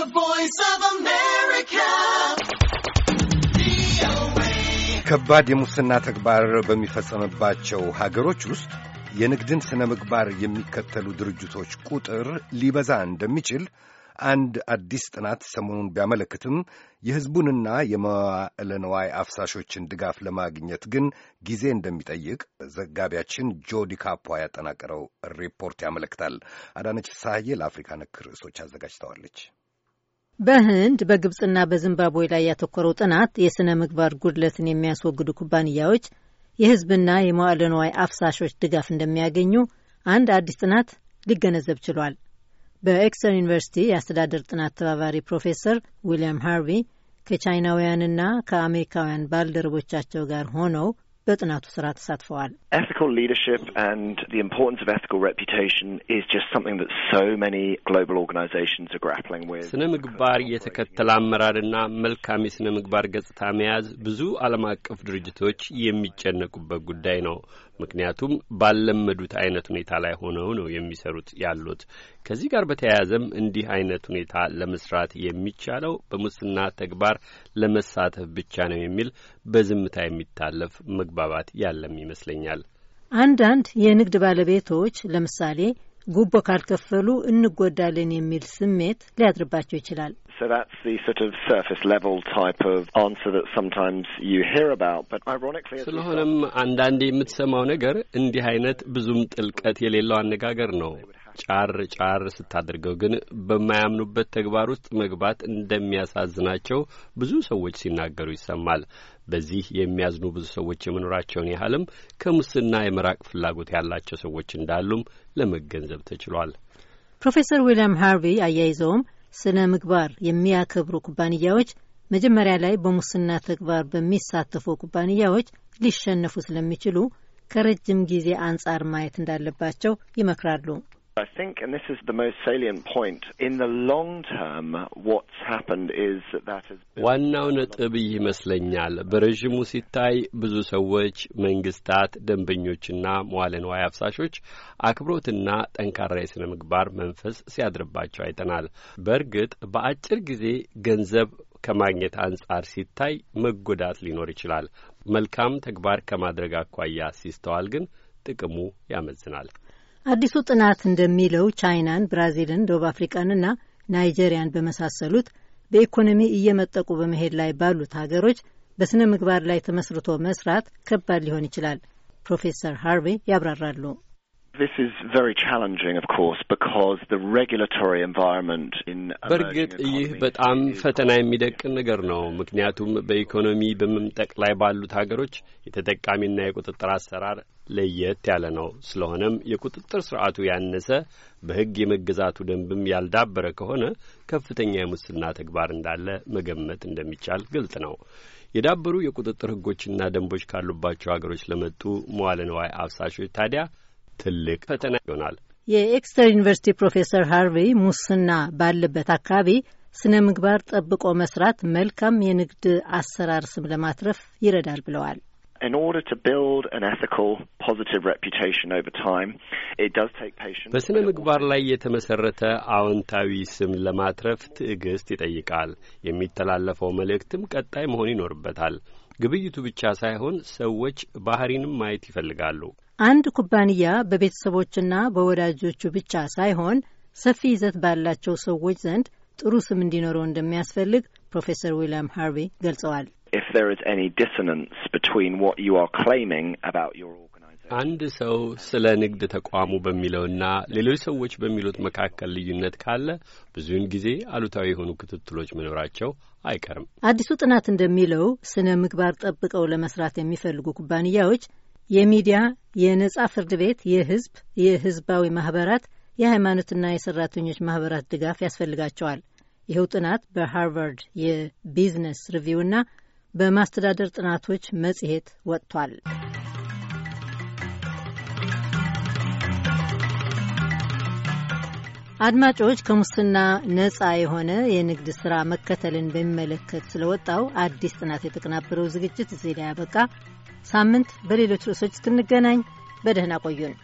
The Voice of America. ከባድ የሙስና ተግባር በሚፈጸምባቸው ሀገሮች ውስጥ የንግድን ሥነ ምግባር የሚከተሉ ድርጅቶች ቁጥር ሊበዛ እንደሚችል አንድ አዲስ ጥናት ሰሞኑን ቢያመለክትም የሕዝቡንና የመዋዕለ አፍሳሾችን ድጋፍ ለማግኘት ግን ጊዜ እንደሚጠይቅ ዘጋቢያችን ጆዲ ካፖ ያጠናቀረው ሪፖርት ያመለክታል። አዳነች ፍስሐዬ ለአፍሪካ ነክ ርዕሶች አዘጋጅተዋለች። በህንድ በግብፅና በዚምባብዌ ላይ ያተኮረው ጥናት የሥነ ምግባር ጉድለትን የሚያስወግዱ ኩባንያዎች የህዝብና የመዋዕለ ንዋይ አፍሳሾች ድጋፍ እንደሚያገኙ አንድ አዲስ ጥናት ሊገነዘብ ችሏል። በኤክስተር ዩኒቨርሲቲ የአስተዳደር ጥናት ተባባሪ ፕሮፌሰር ዊልያም ሃርቪ ከቻይናውያንና ከአሜሪካውያን ባልደረቦቻቸው ጋር ሆነው በጥናቱ ስራ ተሳትፈዋል። ስነ ምግባር የተከተለ አመራርና መልካም የስነ ምግባር ገጽታ መያዝ ብዙ ዓለም አቀፍ ድርጅቶች የሚጨነቁበት ጉዳይ ነው። ምክንያቱም ባለመዱት አይነት ሁኔታ ላይ ሆነው ነው የሚሰሩት ያሉት። ከዚህ ጋር በተያያዘም እንዲህ አይነት ሁኔታ ለመስራት የሚቻለው በሙስና ተግባር ለመሳተፍ ብቻ ነው የሚል በዝምታ የሚታለፍ መግባባት ያለም ይመስለኛል። አንዳንድ የንግድ ባለቤቶች ለምሳሌ ጉቦ ካልከፈሉ እንጎዳለን የሚል ስሜት ሊያድርባቸው ይችላል። ስለሆነም አንዳንዴ የምትሰማው ነገር እንዲህ አይነት ብዙም ጥልቀት የሌለው አነጋገር ነው። ጫር ጫር ስታደርገው ግን በማያምኑበት ተግባር ውስጥ መግባት እንደሚያሳዝናቸው ብዙ ሰዎች ሲናገሩ ይሰማል። በዚህ የሚያዝኑ ብዙ ሰዎች የመኖራቸውን ያህልም ከሙስና የመራቅ ፍላጎት ያላቸው ሰዎች እንዳሉም ለመገንዘብ ተችሏል። ፕሮፌሰር ዊልያም ሃርቪ አያይዘውም ስነ ምግባር የሚያከብሩ ኩባንያዎች መጀመሪያ ላይ በሙስና ተግባር በሚሳተፉ ኩባንያዎች ሊሸነፉ ስለሚችሉ ከረጅም ጊዜ አንጻር ማየት እንዳለባቸው ይመክራሉ። I think, and this is the most salient point, in the long term what's happened is that has ዋናው ነጥብ ይመስለኛል። በረዥሙ ሲታይ ብዙ ሰዎች፣ መንግስታት፣ ደንበኞችና መዋለ ንዋይ አፍሳሾች አክብሮትና ጠንካራ የሥነ ምግባር መንፈስ ሲያድርባቸው አይተናል። በእርግጥ በአጭር ጊዜ ገንዘብ ከማግኘት አንጻር ሲታይ መጎዳት ሊኖር ይችላል። መልካም ተግባር ከማድረግ አኳያ ሲስተዋል ግን ጥቅሙ ያመዝናል። አዲሱ ጥናት እንደሚለው ቻይናን፣ ብራዚልን፣ ደቡብ አፍሪቃንና ናይጄሪያን በመሳሰሉት በኢኮኖሚ እየመጠቁ በመሄድ ላይ ባሉት ሀገሮች በስነ ምግባር ላይ ተመስርቶ መስራት ከባድ ሊሆን ይችላል። ፕሮፌሰር ሃርቬ ያብራራሉ። በእርግጥ ይህ በጣም ፈተና የሚደቅን ነገር ነው። ምክንያቱም በኢኮኖሚ በመምጠቅ ላይ ባሉት ሀገሮች የተጠቃሚና የቁጥጥር አሰራር ለየት ያለ ነው። ስለሆነም የቁጥጥር ስርዓቱ ያነሰ በሕግ የመገዛቱ ደንብም ያልዳበረ ከሆነ ከፍተኛ የሙስና ተግባር እንዳለ መገመት እንደሚቻል ግልጽ ነው። የዳበሩ የቁጥጥር ሕጎችና ደንቦች ካሉባቸው ሀገሮች ለመጡ መዋለ ንዋይ አፍሳሾች ታዲያ ትልቅ ፈተና ይሆናል። የኤክስተር ዩኒቨርሲቲ ፕሮፌሰር ሃርቬይ ሙስና ባለበት አካባቢ ስነ ምግባር ጠብቆ መስራት መልካም የንግድ አሰራር ስም ለማትረፍ ይረዳል ብለዋል። በስነ ምግባር ላይ የተመሰረተ አዎንታዊ ስም ለማትረፍ ትዕግስት ይጠይቃል። የሚተላለፈው መልእክትም ቀጣይ መሆን ይኖርበታል። ግብይቱ ብቻ ሳይሆን ሰዎች ባህሪንም ማየት ይፈልጋሉ። አንድ ኩባንያ በቤተሰቦችና በወዳጆቹ ብቻ ሳይሆን ሰፊ ይዘት ባላቸው ሰዎች ዘንድ ጥሩ ስም እንዲኖረው እንደሚያስፈልግ ፕሮፌሰር ዊልያም ሃርቪ ገልጸዋል። if there is any dissonance between what you are claiming about your አንድ ሰው ስለ ንግድ ተቋሙ በሚለውና ሌሎች ሰዎች በሚሉት መካከል ልዩነት ካለ ብዙውን ጊዜ አሉታዊ የሆኑ ክትትሎች መኖራቸው አይቀርም። አዲሱ ጥናት እንደሚለው ስነ ምግባር ጠብቀው ለመስራት የሚፈልጉ ኩባንያዎች የሚዲያ፣ የነጻ ፍርድ ቤት፣ የህዝብ፣ የህዝባዊ ማህበራት፣ የሃይማኖትና የሰራተኞች ማህበራት ድጋፍ ያስፈልጋቸዋል። ይኸው ጥናት በሃርቫርድ የቢዝነስ ሪቪውና በማስተዳደር ጥናቶች መጽሔት ወጥቷል። አድማጮች፣ ከሙስና ነጻ የሆነ የንግድ ሥራ መከተልን በሚመለከት ስለወጣው አዲስ ጥናት የተቀናበረው ዝግጅት እዚህ ላይ ያበቃ። ሳምንት በሌሎች ርዕሶች እስክንገናኝ በደህና ቆዩን።